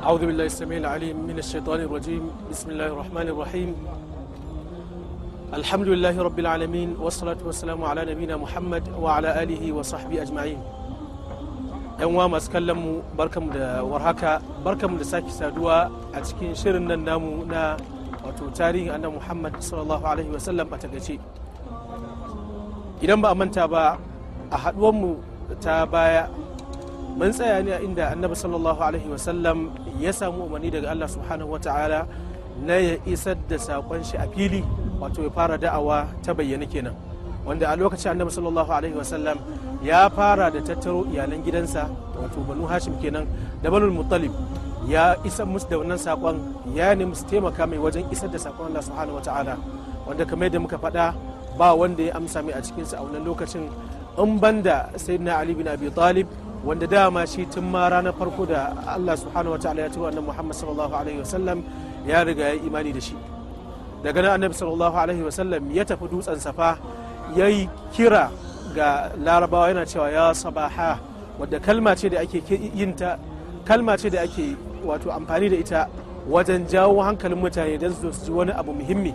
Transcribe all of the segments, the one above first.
أعوذ بالله السميع العليم من الشيطان الرجيم بسم الله الرحمن الرحيم الحمد لله رب العالمين والصلاة والسلام على نبينا محمد وعلى آله وصحبه أجمعين yan wa masu kallon mu barkamu da warhaka barkamu da sake saduwa a cikin shirin nan namu na wato tarihin annabi Muhammad sallallahu alaihi wasallam a takaice idan ba a manta ba a haduwar mu ta baya mun tsaya ne a inda annabi sallallahu alaihi wasallam ya samu umarni daga allah subhanahu wataala na ya isar da saƙon shi a fili wato ya fara da'awa ta bayyana kenan wanda a lokacin annabi sallallahu alaihi wasallam ya fara da tattaro iyalan gidansa wato banu hashim kenan da banul muttalib ya isa musu da wannan sakon ya nemi musu taimaka mai wajen isar da sakon Allah subhanahu wataala wanda kamar yadda muka faɗa ba wanda ya amsa mai a cikinsa a wannan lokacin in banda sayyidina ali bin abi talib wanda dama shi tun ma ranar farko da Allah subhanahu wataala ya tura annabi Muhammad sallallahu alaihi wasallam ya riga ya imani da shi daga nan annabi sallallahu alaihi wasallam ya tafi dutsen safa ya kira ga larabawa yana cewa ya sabaha wadda kalma ce da ake yin ta kalma ce da ake wato amfani da ita wajen jawo hankalin mutane don su ji wani abu muhimmi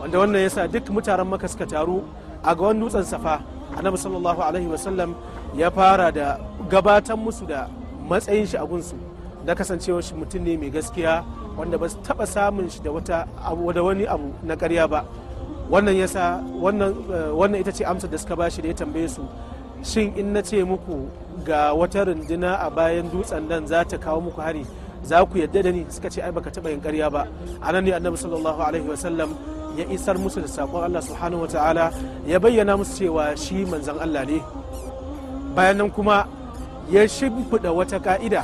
wanda wannan yasa duk mutanen maka suka taru a ga wani dutsen safa annabi sallallahu alaihi wasallam ya fara da gabatar musu da matsayin shi a gunsu na kasancewa shi mutum ne mai gaskiya wanda ba su taba samun shi da wani abu na karya ba wannan yasa eh, wannan ita ce amsar da suka ba shi da ya tambaye su shin in na ce muku ga wata runduna a bayan dutsen nan za ta kawo muku hari za ku yadda da ni suka ce ai baka taba yin karya ba anan ne annabi sallallahu alaihi wasallam ya isar musu da saƙon Allah subhanahu wa ta'ala ya bayyana musu cewa shi manzan Allah ne bayan nan kuma ya shimfiɗa wata ka'ida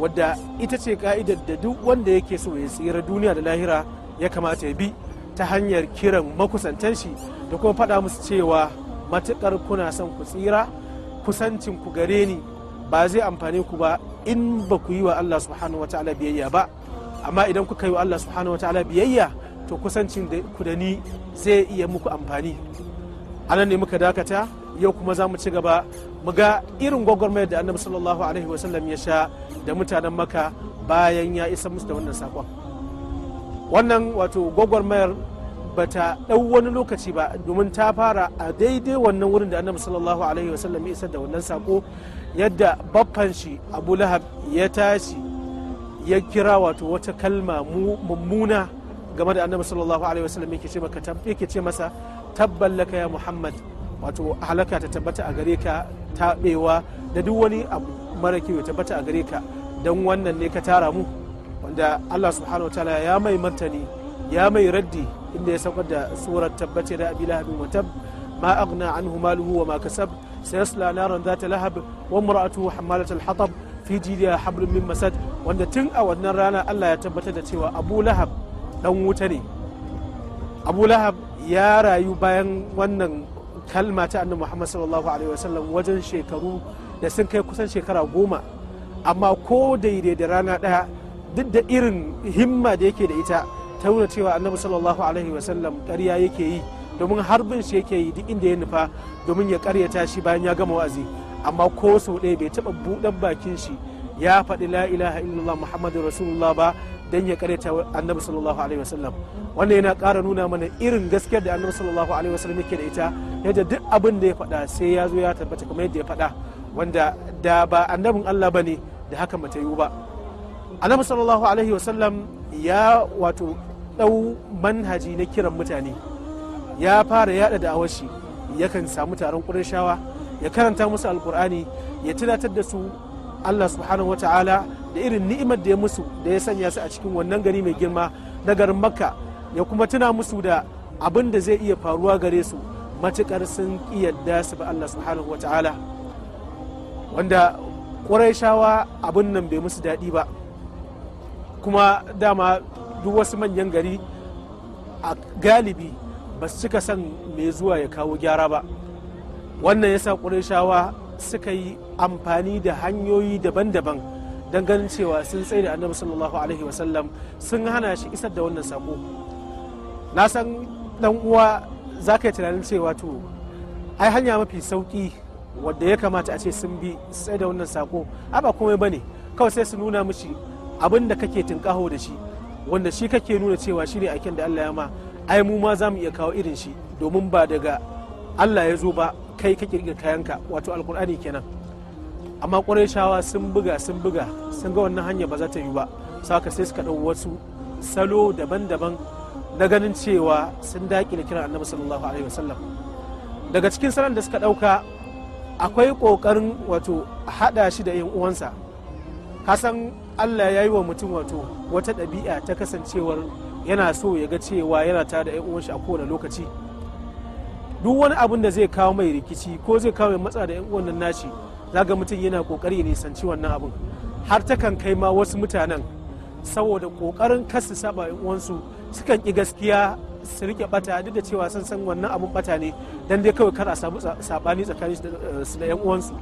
wadda ita ce ka'idar da duk wanda yake so ya tsira duniya da lahira ya kamata ya bi ta hanyar kiran makusantan shi da kuma faɗa musu cewa matuƙar kuna son ku tsira kusancin ku gare ni ba zai amfane ku ba in ba ku yi wa Allah subhanahu wa ta'ala biyayya ba amma idan kuka yi wa Allah subhanahu wa ta'ala biyayya to kusancin ku da ni zai iya muku amfani a nan ne muka dakata yau kuma za mu ci gaba mu ga irin gwagwarmayar da annabi sallallahu alaihi wasallam ya sha da mutanen maka bayan ya isa musu da wannan sakon wannan wato gwagwarmayar ba ta ɗau wani lokaci ba domin ta fara a daidai wannan wurin da annabi sallallahu alaihi wasallam ya isa da wannan sako yadda baffan shi abu lahab ya tashi ya kira wato wata kalma mummuna game da annabi sallallahu alaihi wasallam yake ce maka yake ce masa tabbal laka ya muhammad wato halaka ta tabbata a gare ka tabewa da duk wani abu mara kyau tabbata a gare ka dan wannan ne ka tara mu wanda Allah subhanahu wataala ya mai martani ya mai raddi inda ya saukar da surar tabbace da abi lahabin wa tab ma aghna anhu maluhu wa ma kasab sayasla naran zata lahab wa imra'atuhu hamalat al-hatab fi jidiha hablum min masad wanda tun a wannan rana Allah ya tabbata da cewa Abu Lahab dan wuta ne abu lahab ya rayu bayan wannan kalma ta annabi muhammad sallallahu alaihi wasallam wajen shekaru da sun kai kusan shekara goma amma ko daidai da rana ɗaya duk da irin himma da yake da ita ta nuna cewa annabi sallallahu alaihi wasallam ƙarya yake yi domin harbin shi yake yi duk inda ya nufa domin ya ƙaryata shi bayan ya gama wa'azi amma ko sau ɗaya bai taɓa buɗan bakin shi ya faɗi la ilaha illallah muhammadu rasulullah ba dan ya karyata annabi sallallahu alaihi wasallam wannan yana kara nuna mana irin gaskiyar da annabi sallallahu alaihi wasallam yake da ita yadda duk abin da ya faɗa sai ya zo ya tabbata kamar yadda ya faɗa wanda da ba annabin Allah bane da haka mata yiwu ba annabi sallallahu alaihi wasallam ya wato ɗau manhaji na kiran mutane ya fara yada da shi yakan samu taron ƙurin shawa ya karanta musu alkur'ani ya tunatar da su Allah subhanahu wa ta'ala da irin ni'imar da ya musu da ya sanya su a cikin wannan gari mai girma na garin makka ya kuma tuna musu da abin da zai iya faruwa gare su matukar sun yadda su ba Allah subhanahu wa ta'ala wanda shawa abin nan bai musu daɗi ba kuma dama duk wasu manyan gari a galibi ba su cika son mai zuwa ya kawo gyara ba wannan yasa shawa suka yi amfani da hanyoyi daban-daban don ganin cewa sun tsaye da annabi sallallahu alaihi wasallam sun hana shi isar da wannan sako na san dan uwa za ka yi tunanin cewa to ai hanya mafi sauki wadda ya kamata a ce sun bi tsaye da wannan sako a ba ne kawai sai su nuna mishi abin da kake tunƙaho da shi wanda shi kake nuna cewa shi ne aikin da Allah ya ma ai mu ma za mu iya kawo irin shi domin ba daga Allah ya zo ba kai ka kirkira kayanka wato alkur'ani kenan amma ƙurayshawa sun buga sun buga sun ga wannan hanya ba za ta yi ba saka sai suka ɗau wasu salo daban-daban na ganin cewa sun daƙi da kiran annabi sallallahu alaihi wasallam daga cikin salon da suka ɗauka akwai ƙoƙarin wato haɗa shi da 'yan uwansa kasan allah ya yi wa mutum wato wata ɗabi'a ta kasancewar yana so ya ga cewa yana tare da 'yan uwanshi a kowane lokaci duk wani abin da zai kawo mai rikici ko zai kawo mai matsa da 'yan uwan nashi zaga mutum yana kokari ya nisanci wannan abin har ta kan kai ma wasu mutanen saboda kokarin kasu saba 'yan uwansu sukan ƙi gaskiya su rike bata duk da cewa sun san wannan abin bata ne dan dai kawai kar a samu sabani tsakanin eh, su da 'yan uwansu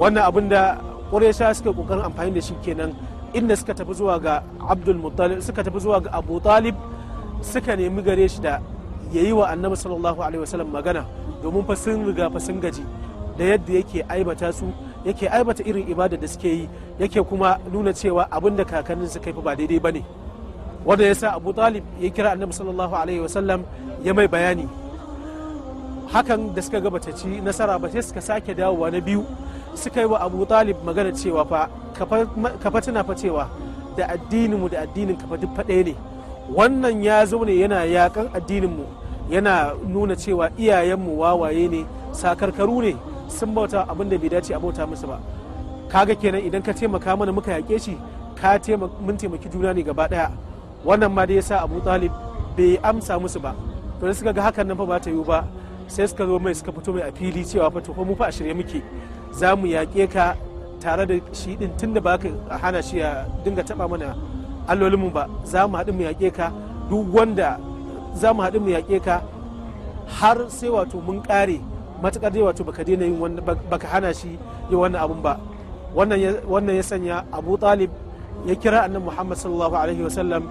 wannan abin da ƙuresha suka kokarin amfani da shi kenan inda suka tafi zuwa ga abdul muttalib suka tafi zuwa ga abu talib suka nemi gare shi da ya yi wa annabi sallallahu alaihi wasallam magana domin fa sun riga fa sun gaji da yadda yake aibata su yake aibata irin ibada da suke yi yake kuma nuna cewa abin da kakannin su kai ba daidai bane wanda yasa Abu Talib ya kira annabi sallallahu alaihi wasallam ya mai bayani hakan da suka ga ci nasara ba sai suka sake dawowa na biyu suka yi wa Abu Talib magana cewa fa ka fa tuna fa cewa da addinin mu da addinin ka duk fa ɗaya ne wannan ya zaune yana yakan addininmu yana nuna cewa iyayenmu wawaye ne sakarkaru ne sun bauta abin da bai dace a bauta musu ba kaga kenan idan ka taimaka mana muka yaƙe shi ka mun taimaki juna ne gaba ɗaya wannan ma da ya sa abu talib bai amsa musu ba to da suka ga hakan nan fa ba ta yiwu ba sai suka zo mai suka fito mai a fili cewa fa to mu fa a shirye muke za mu yaƙe ka tare da shi din tunda ba ka hana shi ya dinga taɓa mana allolinmu ba za mu haɗu mu yaƙe ka duk wanda za mu haɗu mu yaƙe ka har sai wato mun ƙare matuƙar dai wato baka daina yin baka hana shi yi wannan abun ba wannan ya sanya abu talib ya kira annabi muhammad sallallahu alaihi wasallam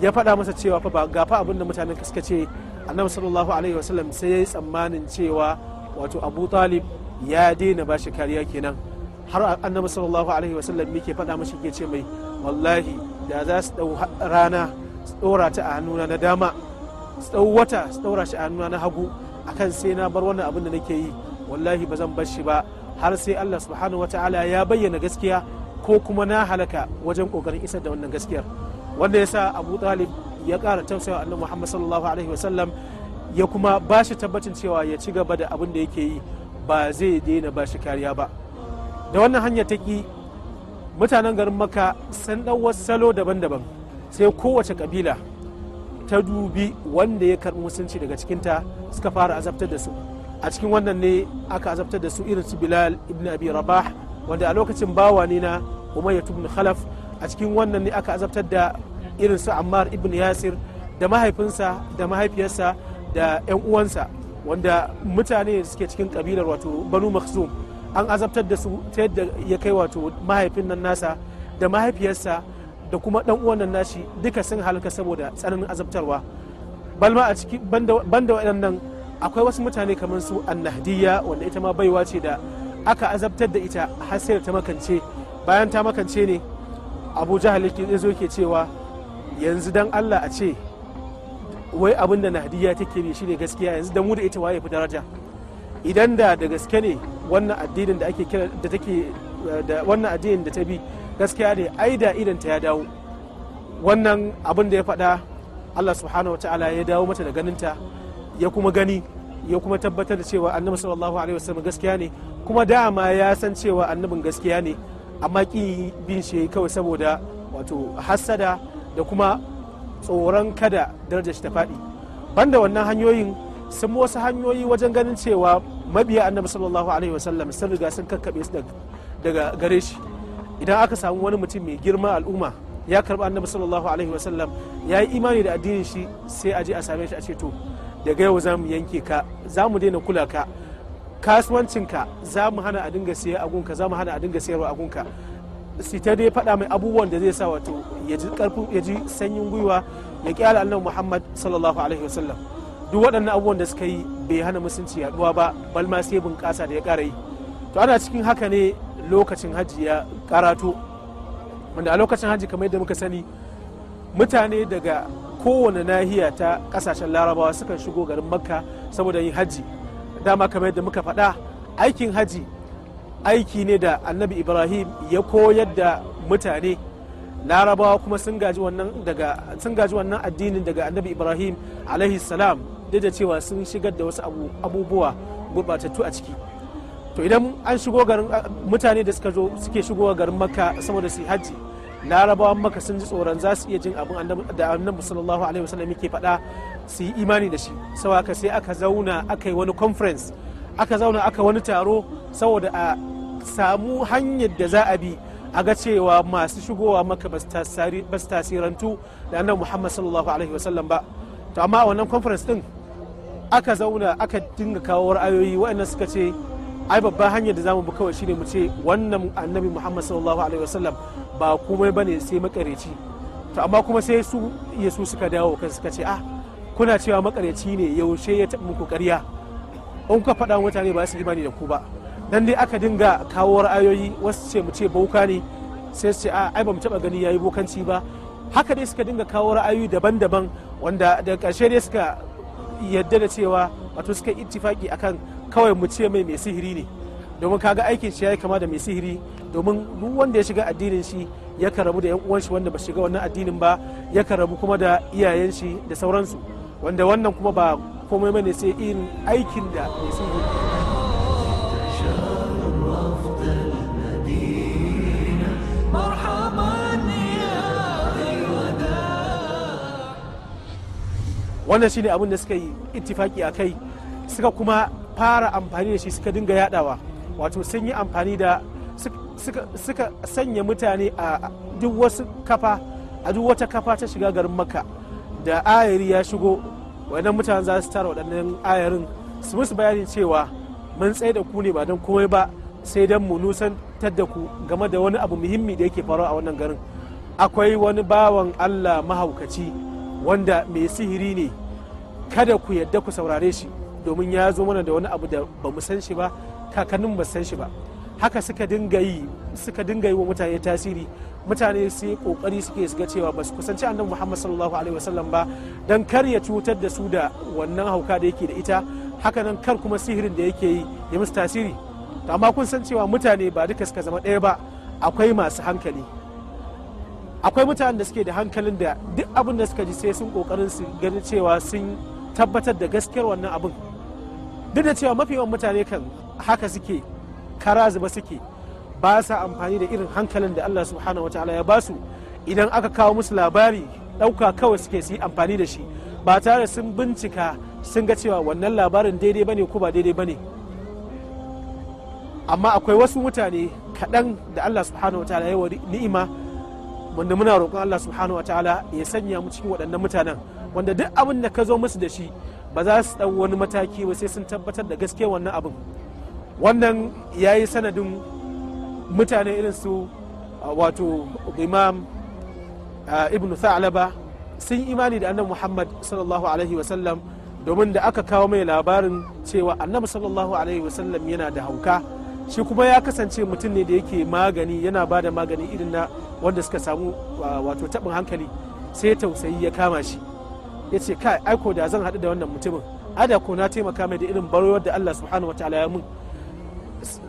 ya faɗa masa cewa fa ba gafa abin da mutanen suka ce annabi sallallahu alaihi wasallam sai ya yi tsammanin cewa wato abu talib ya daina ba shi kariya kenan har annabi sallallahu alaihi wasallam yake faɗa mashi ke ce mai wallahi da za su ɗau rana su ɗora ta a hannuna na dama su ɗau wata su ɗora shi a hannuna na hagu akan sai na bar wannan abin da nake yi wallahi ba zan bar shi ba har sai Allah subhanahu wataala ya bayyana gaskiya ko kuma na halaka wajen kokarin isar da wannan gaskiyar wanda ya sa Abu Talib ya ƙara tausayawa Annabi Muhammad sallallahu alaihi wasallam ya kuma ba shi tabbacin cewa ya ci gaba da abin da yake yi ba zai daina ba shi kariya ba da wannan hanyar ta ki mutanen garin maka sun dan salo daban-daban sai kowace kabila ta dubi wanda ya karbi musulunci daga cikinta suka fara azabtar da su a cikin wannan ne aka azabtar da su irin su bilal ibn abi rabah wanda a lokacin bawa ne na umayyad ibn khalaf a cikin wannan ne aka azabtar da irin su ammar ibn yasir da mahaifinsa da mahaifiyarsa da 'yan uwansa wanda mutane suke cikin kabilar wato banu makhzum an azabtar da su ta yadda ya kai wato mahaifin nan nasa da mahaifiyarsa da kuma dan uwan nan nashi duka sun halaka saboda tsananin azabtarwa balma a ciki banda waɗannan akwai wasu mutane kamar su annahdiya wanda ita ma baiwa ce da aka azabtar da ita har sai ta makance bayan ta makance ne abu jahal ya zo ke cewa yanzu dan allah a ce wai abin da nahdiya take ne shine gaskiya yanzu da mu da ita waye fi daraja idan da da gaske ne wannan addinin da ake kira da take da wannan addinin da ta bi gaskiya ne ai da idan ta ya dawo wannan abin da ya faɗa Allah subhanahu wataala ya dawo mata da ganinta ya kuma gani ya kuma tabbatar da cewa annabi sallallahu alaihi wasallam gaskiya ne kuma dama ya san cewa annabin gaskiya ne amma ki bin shi kawai saboda wato hassada da kuma tsoron kada darajar shi ta faɗi banda wannan hanyoyin sun wasu hanyoyi wajen ganin cewa mabiya annabi sallallahu alaihi wasallam sun riga sun kakkabe su daga gare shi idan aka samu wani mutum mai girma al'umma ya karba annabi sallallahu alaihi wasallam ya yi imani da addinin shi sai a je a same shi a ce to daga yau za mu yanke ka za mu daina kula ka kasuwancinka za mu hana a dinga siya agunka za mu hana a dinga siyarwa agunka sita dai faɗa mai abubuwan da zai sa wato ya ji sanyin gwiwa ya ƙi annabi muhammad sallallahu alaihi wasallam duk waɗannan abubuwan da suka yi bai hana musulunci yaduwa ba balma sai bunƙasa da ya ƙara yi to ana cikin haka ne lokacin hajji ya karato wanda a lokacin hajji kamar yadda muka sani mutane daga kowane nahiya ta kasashen larabawa sukan shigo garin makka saboda yin hajji dama kamar yadda muka faɗa aikin hajji aiki ne da annabi ibrahim ya koyar da mutane larabawa kuma sun gaji wannan addinin daga annabi ibrahim alaihi salam duk da cewa sun shigar da wasu abubuwa gurbatattu a ciki to idan an shigo garin mutane da suka zo suke shigo garin makka saboda su hajji larabawan maka sun ji tsoron za su iya jin abin da annabi sallallahu alaihi wasallam yake faɗa su yi imani da shi sau aka sai aka zauna aka yi wani conference aka zauna aka wani taro saboda a samu hanyar da za a bi a ga cewa masu shigowa maka ba su tasirantu da annabi muhammad sallallahu alaihi wasallam ba to amma a wannan conference din aka zauna aka dinga kawo ra'ayoyi waɗannan suka ce ai babban hanyar da zamu bi kawai shine mu ce wannan annabi Muhammad sallallahu alaihi wasallam ba komai bane sai makareci to amma kuma sai su Yesu suka dawo kan suka ce ah kuna cewa makareci ne yaushe ya taɓa muku ƙarya in ka faɗa mutane ba su imani da ku ba dan dai aka dinga kawo ra'ayoyi wasu ce mu ce boka ne sai su ce a ah, ai ba mu taɓa gani yayi bokanci ba haka dai suka dinga kawo ra'ayoyi daban-daban wanda daga ƙarshe dai suka yadda da cewa wato suka ittifaki akan kawai mu ce mai mai sihiri ne domin kaga aikin shi ya kama da mai sihiri domin duk wanda ya shiga addinin shi ya karabu da yan uwan shi wanda ba shiga wannan addinin ba ya karabu kuma da iyayen shi da sauransu wanda wannan kuma ba komai bane sai irin aikin da mai sihiri wannan shine abin da suka yi ittifaki a kai suka kuma fara amfani da shi suka dinga yadawa wato sun yi amfani da suka sanya mutane a duk wasu kafa a duk wata kafa ta shiga garin maka da ayari ya shigo waɗannan mutane za su tara waɗannan ayarin su musu bayanin cewa mun tsaye da ku ne ba don komai ba sai don mu nusantar da ku game da wani abu muhimmi da yake faruwa a wannan garin akwai wani bawan allah mahaukaci wanda mai sihiri ne kada ku yadda ku saurare shi domin ya zo mana da wani abu da ba mu san shi ba kakannin ba san shi ba haka suka dinga yi suka dinga yi wa mutane tasiri mutane sai kokari suke ga cewa ba su kusanci annabi Muhammad sallallahu alaihi wasallam ba dan kar ya cutar da su da wannan hauka da yake da ita haka nan kar kuma sihirin da yake yi ya musu tasiri amma kun san cewa mutane ba duka suka zama ɗaya ba akwai masu hankali akwai mutanen da suke da hankalin da duk abin da suka ji sai sun kokarin su ganin cewa sun tabbatar da gaskiyar wannan abin duk da cewa mafi yawan mutane kan haka suke kara zuba suke ba sa amfani da irin hankalin da Allah subhanahu wataala ya basu idan aka kawo musu labari ɗauka kawai suke su yi amfani da shi ba tare sun bincika sun ga cewa wannan labarin daidai bane ko ba daidai bane amma akwai wasu mutane kaɗan da Allah subhanahu wataala ya ni'ima wanda muna roƙon Allah subhanahu wa ta'ala ya sanya mu cikin waɗannan mutanen wanda duk abin da ka zo musu da shi ba za su ɗau wani mataki ba sai sun tabbatar da gaske wannan abin wannan ya yi sanadin mutane irin su wato imam ibn sa'alaba sun imani da annabi muhammad sallallahu alaihi wasallam domin da aka kawo mai labarin cewa annabi sallallahu alaihi wasallam yana da hauka shi kuma ya kasance mutum ne da yake magani yana ba da magani irin na wanda suka samu wato tabin hankali sai tausayi ya kama shi ya ce kai aiko da zan haɗu da wannan mutumin ada ko na taimaka mai da irin barowar da Allah subhanahu wa ta'ala ya mun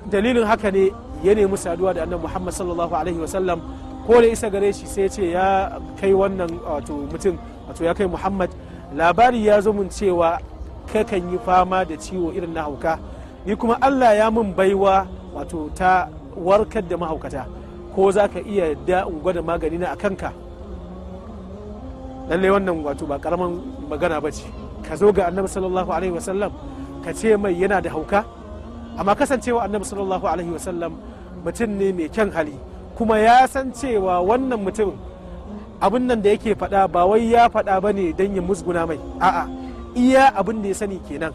dalilin haka ne ya nemi saduwa da annabi Muhammad sallallahu alaihi wa sallam ko da isa gare shi sai ya ce ya kai wannan wato mutum wato ya kai Muhammad labari ya zo mun cewa kakan yi fama da ciwo irin na hauka ni kuma Allah ya mun baiwa wato ta warkar da mahaukata ko za ka iya da gwada magani na a kanka lalle wannan wato ba karaman magana ba ce ka zo ga annabi sallallahu alaihi wasallam ka ce mai yana da hauka amma kasancewa annabi sallallahu alaihi wasallam mutum ne mai kyan hali kuma ya san cewa wannan mutumin abin nan da yake faɗa ba wai ya faɗa bane ne don ya musguna mai a'a iya abin da ya sani kenan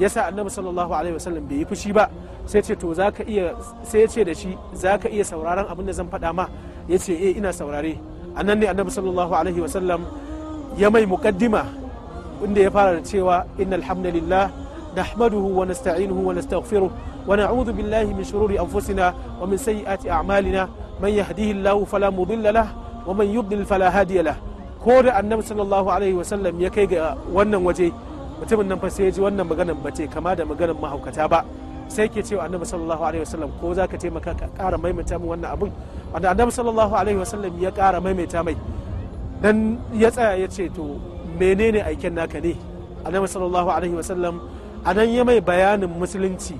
yasa annabi sallallahu alaihi wasallam bai yi fushi ba sai ce to zaka iya sai ce da shi zaka iya sauraron abin da zan faɗa ma ya ce eh ina saurare anan ne annabi sallallahu alaihi wasallam ya mai muqaddima inda ya fara da cewa innal hamdalillah nahmaduhu wa nasta'inuhu wa nastaghfiruh wa na'udhu billahi min shururi anfusina wa min sayyiati a'malina man yahdihillahu fala mudilla lah wa man yudlil fala hadiya lah ko da annabi sallallahu alaihi wasallam ya kai ga wannan waje mutumin nan fa sai ya ji wannan maganar ba ce kama da maganar mahaukata ba sai ke cewa annabi sallallahu alaihi wasallam ko zaka taimaka ka ƙara maimaita min wannan abun wanda annabi sallallahu alaihi wasallam ya ƙara maimaita mai dan ya tsaya ya ce to menene aikin naka ne annabi sallallahu alaihi wasallam a nan ya mai bayanin musulunci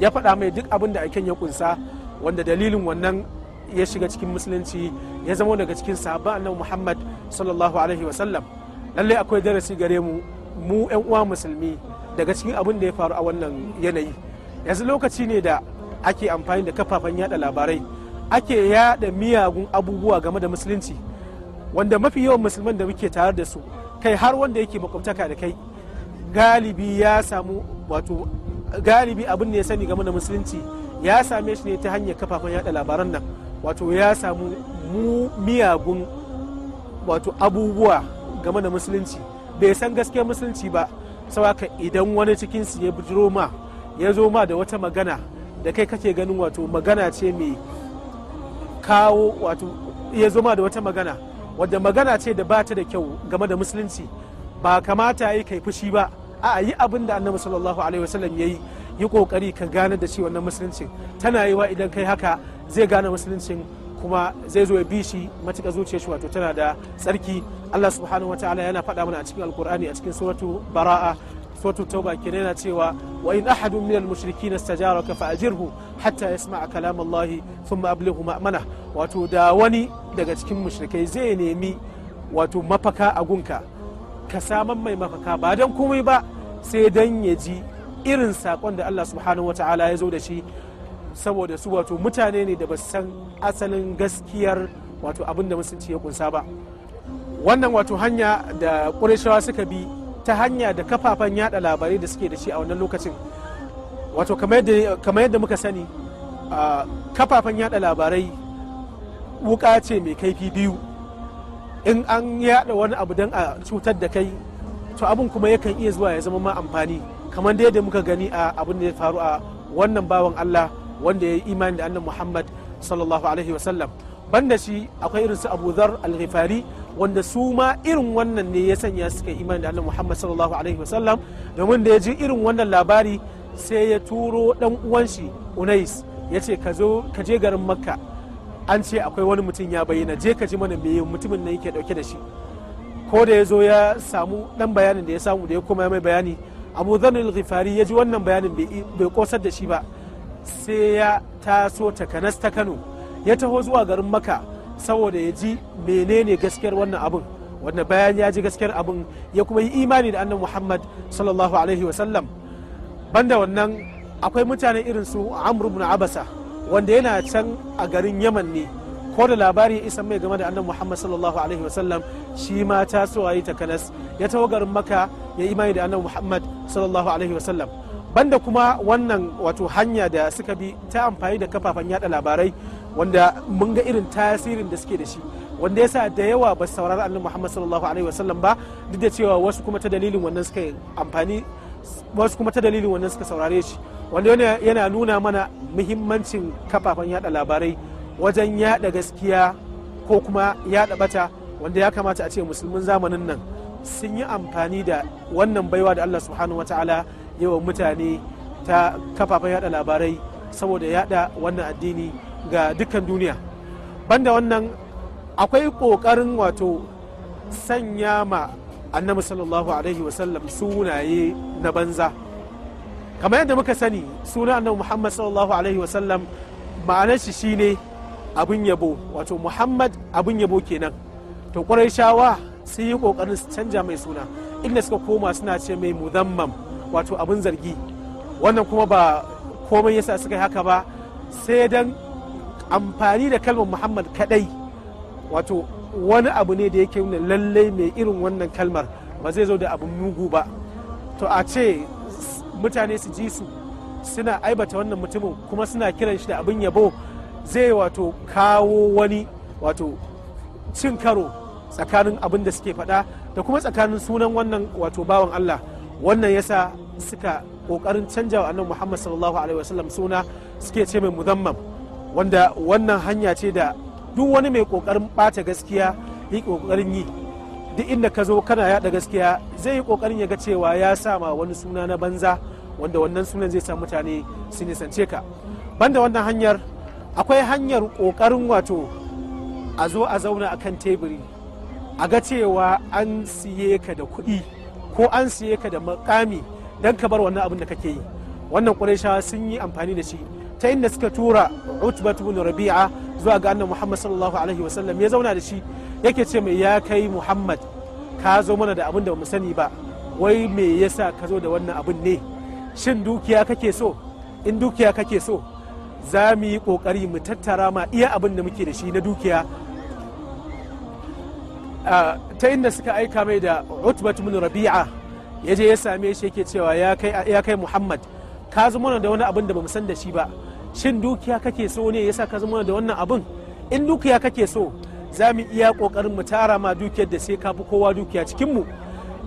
ya faɗa mai duk abin da aikin ya kunsa wanda dalilin wannan ya shiga cikin musulunci ya zama daga cikin sahabban annabi muhammad sallallahu alaihi wasallam lallai akwai darasi gare mu mu 'yan uwa musulmi daga cikin abin da ya faru a wannan yanayi yanzu lokaci ne da ake amfani da kafafen yada labarai ake yada miyagun abubuwa game da musulunci wanda mafi yawan musulman da muke tare da su kai har wanda yake makwabtaka da kai galibi ya samu wato galibi abin da ya sani game da musulunci ya same shi ne ta hanyar kafafen yada labaran nan wato ya samu mu miyagun wato abubuwa game da musulunci bai san gaske musulunci ba saboda idan wani cikin su ya bujiro ma ya zo ma da wata magana da kai kake ganin wato magana ce mai kawo wato ya zo ma da wata magana wadda magana ce da ba ta da kyau game da musulunci ba kamata yi kai fushi ba a yi abin da annabi sallallahu alaihi wasallam ya yi yi kokari ka gane da shi wannan musuluncin tana yiwa idan kai haka zai gane musuluncin kuma zai zo ya bi shi matuƙa zuciyar shi wato tana da tsarki Allah subhanahu wataala yana faɗa mana a cikin alkur'ani a cikin suratu bara'a suratu tauba kenan yana cewa wa in ahadun minal mushrikin istajaraka fa ajirhu hatta yasma'a kalam Allah thumma ablighu ma'mana wato da wani daga cikin mushrikai zai nemi wato mafaka a gunka ka saman mai mafaka ba dan komai ba sai dan ya ji irin sakon da Allah subhanahu wataala ya zo da shi saboda su wato mutane ne da ba san asalin gaskiyar wato abin da musulunci ya kunsa ba wannan wato hanya da ƙurashawa suka bi ta hanya da kafafen yada labarai da suke da shi a wannan lokacin wato kamar yadda muka sani kafafen yada labarai wuka ce mai kaifi biyu in an yada wani abu don a cutar da kai to abin kuma yakan iya zuwa ya zama ma amfani kamar da yadda muka gani a abin da ya faru a wannan bawan Allah wanda ya yi imani da annabi Muhammad sallallahu alaihi wasallam banda shi akwai irin su Abu al wanda su ma irin wannan ne ya sanya suka imani da annabi Muhammad sallallahu alaihi wasallam domin da ya ji irin wannan labari sai ya turo dan uwan shi Unais ya ce ka je garin Makka an ce akwai wani mutum ya bayyana je ka ji mana me mutumin nan yake dauke da shi ko da ya zo ya samu dan bayanin da ya samu da ya koma mai bayani Abu al-Ghifari ya ji wannan bayanin bai kosar da shi ba sai ya taso takanas ta kano ya taho zuwa garin maka saboda ya ji menene gaskiyar wannan abin wanda bayan ya ji gaskiyar abin ya kuma yi imani da annan muhammad sallallahu alaihi wasallam banda wannan akwai mutane irin su amr ibn abasa wanda yana can a garin yaman ne ko da labari ya isa mai game da annan muhammad sallallahu alaihi wasallam shi ma tasowa yi takanas ya taho garin maka ya imani da annan muhammad sallallahu alaihi wasallam banda kuma wannan wato hanya da suka bi ta amfani da kafafen yada labarai wanda mun ga irin tasirin da suke da shi wanda yasa da yawa ba su saurari annabi Muhammad sallallahu alaihi wasallam ba duk da cewa wasu kuma ta dalilin wannan suka amfani wasu kuma ta dalilin wannan suka saurare shi wanda yana nuna mana muhimmancin kafafen yada labarai wajen yada gaskiya ko kuma yada bata wanda ya kamata a ce musulmin zamanin nan sun yi amfani da wannan baiwa da Allah subhanahu wataala yawan mutane ta kafafen yada labarai saboda yada wannan addini ga dukkan duniya banda wannan akwai kokarin wato sanya ma annabi sallallahu alaihi wasallam sunaye na banza kamar yadda muka sani suna annabi muhammad sallallahu alaihi wasallam ma'anar shi shine abin yabo wato muhammad abin yabo kenan to kwarai shawa sun yi kokarin su canja mai suna inda suka koma suna ce mai muzammam wato abin zargi wannan kuma ba komai yasa suka yi haka ba sai dan amfani da kalmar muhammad kadai wato wani abu ne da yake nuna lallai mai irin wannan kalmar ba zai zo da abin mugu ba to a ce mutane su ji su suna aibata wannan mutumin kuma suna kiran shi da abin yabo zai wato kawo wani wato cin karo tsakanin abin da suke faɗa da kuma tsakanin sunan wannan wato bawan Allah wannan yasa suka kokarin canja wa annabi Muhammad sallallahu alaihi wasallam suna suke ce mai muzammam wanda wannan hanya ce da duk wani mai kokarin bata gaskiya yi kokarin yi duk inda ka zo kana yada gaskiya zai yi kokarin ya ga cewa ya sama wani suna na banza wanda wannan sunan zai sa mutane su nisance ka banda wannan hanyar akwai hanyar kokarin wato a zo a zauna akan teburi a ga cewa an siye ka da kuɗi ko an siye ka da makami dan ka bar wannan abin da kake yi wannan quraisha sun yi amfani da shi ta inda suka tura utba ibn rabi'a zuwa ga annabi muhammad sallallahu alaihi wasallam ya zauna da shi yake ce mai ya kai muhammad ka zo mana da abin da mu sani ba wai me yasa ka zo da wannan abin ne shin dukiya kake so in dukiya kake so za mu yi kokari mu tattara ma iya abin da muke da shi na dukiya ah, ta inda suka aika mai da utba ibn rabi'a ya je ya same shi yake cewa ya kai muhammad ka zama da wani abin da bamu san da shi ba shin dukiya kake so ne ya sa ka zama da wannan abin in dukiya kake so za mu iya kokarin mu tara ma dukiyar da sai ka fi kowa dukiya cikin mu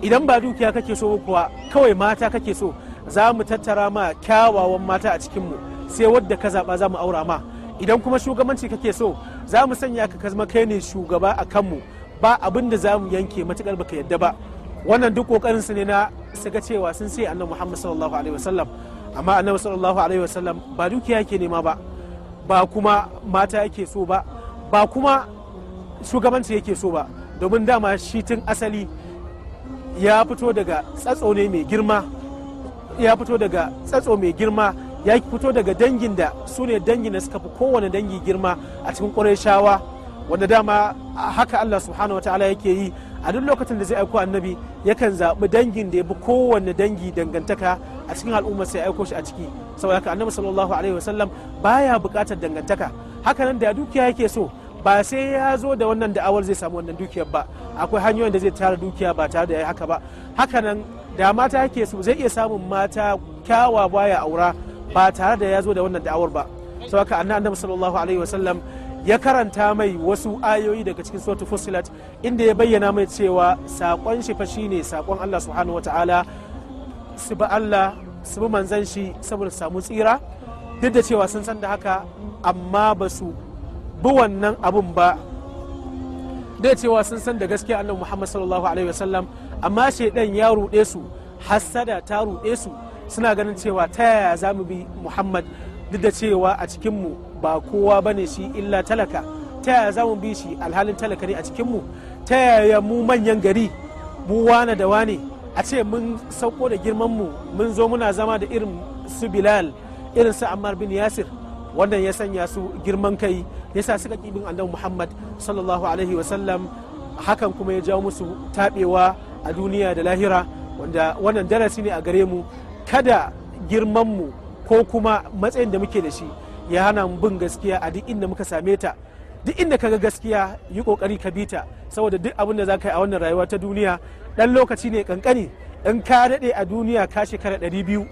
idan ba dukiya kake so kuwa kawai mata kake so za mu tattara ma kyawawan mata a cikin mu sai wadda ka zaba za mu aura ma idan kuma shugabanci kake so za mu sanya ka zama kai ne shugaba a kanmu ba abin da za mu yanke matukar baka yadda ba wannan duk kokarin su ne na su cewa sun sai annabi Muhammad sallallahu alaihi wasallam amma annabi sallallahu alaihi wasallam ba dukiya yake nema ba ba kuma mata yake so ba ba kuma shugabanci yake so ba domin dama shi tun asali ya fito daga tsatso ne mai girma ya fito daga tsatso mai girma ya fito daga dangin da su ne dangin da suka fi kowane dangi girma a cikin ƙwarai shawa wanda dama haka Allah subhanahu wa ta'ala yake yi a duk lokacin da zai aiko annabi yakan zaɓi dangin da ya bi kowanne dangi dangantaka a cikin al'ummar sai aiko shi a ciki saboda haka annabi sallallahu alaihi wasallam baya buƙatar dangantaka hakanan da dukiya yake so ba sai ya zo da wannan da'awar zai samu wannan dukiyar ba akwai hanyoyin da zai tara dukiya ba tare da ya haka ba hakanan da mata yake so zai iya samun mata kyawawa ya aura ba tare da ya zo da wannan da'awar ba saboda haka annabi sallallahu alaihi wasallam ya karanta mai wasu ayoyi daga cikin suratul fusilat inda ya bayyana mai cewa sakon shi fa shine sakon Allah subhanahu wataala su ba Allah su bi manzan shi saboda samu tsira duk da cewa sun san da haka amma ba su bi wannan abun ba da cewa sun san da gaskiya Allah Muhammad sallallahu alaihi wasallam amma shedan ya ruɗe su hasada ta ruɗe su suna ganin cewa ta yaya za mu bi Muhammad duk da cewa a cikin mu ba kowa ba ne shi illa talaka ta yaya za mu bi shi alhalin talaka ne a cikinmu ta yaya mu manyan gari mu wane da wane a ce mun sauko da girmanmu mun zo muna zama da irin su bilal irin su ammar bin yasir wannan ya sanya su girman kai ya sa suka kibin annabi muhammad sallallahu alaihi wasallam hakan kuma ya jawo musu taɓewa a duniya da lahira wanda wannan darasi ne a gare mu kada girmanmu ko kuma matsayin da muke da shi ya hana mu bin gaskiya a duk inda muka same ta duk inda ka ga gaskiya yi kokari ka bita saboda duk abin da za ka yi a wannan rayuwa ta duniya dan lokaci ne kankani in ka daɗe a duniya ka shekara ɗari biyu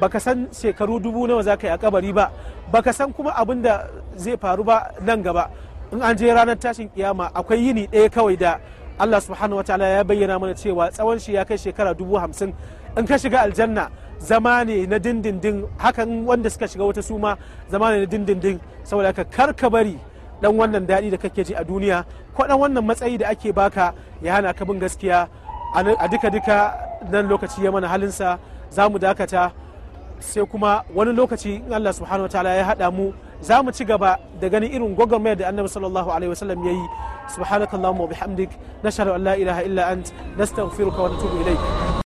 baka san shekaru dubu nawa za ka yi a kabari ba baka san kuma abin da zai faru ba nan gaba in an je ranar tashin kiyama akwai yini ɗaya kawai da Allah subhanahu wa ta'ala ya bayyana mana cewa tsawon shi ya kai shekara dubu hamsin in ka shiga aljanna zama ne na dindindin hakan wanda suka shiga wata suma zama ne na dindindin saboda haka kar ka bari dan wannan daɗi da kake ji a duniya ko dan wannan matsayi da ake baka ya hana ka bin gaskiya a duka duka nan lokaci ya mana halinsa za mu dakata sai kuma wani lokaci in Allah subhanahu wataala ya haɗa mu za mu ci gaba da ganin irin gwagwarmayar da annabi sallallahu alaihi wasallam ya yi subhanakallahumma wa bihamdik nashhadu an la ilaha illa ant nastaghfiruka wa natubu ilaik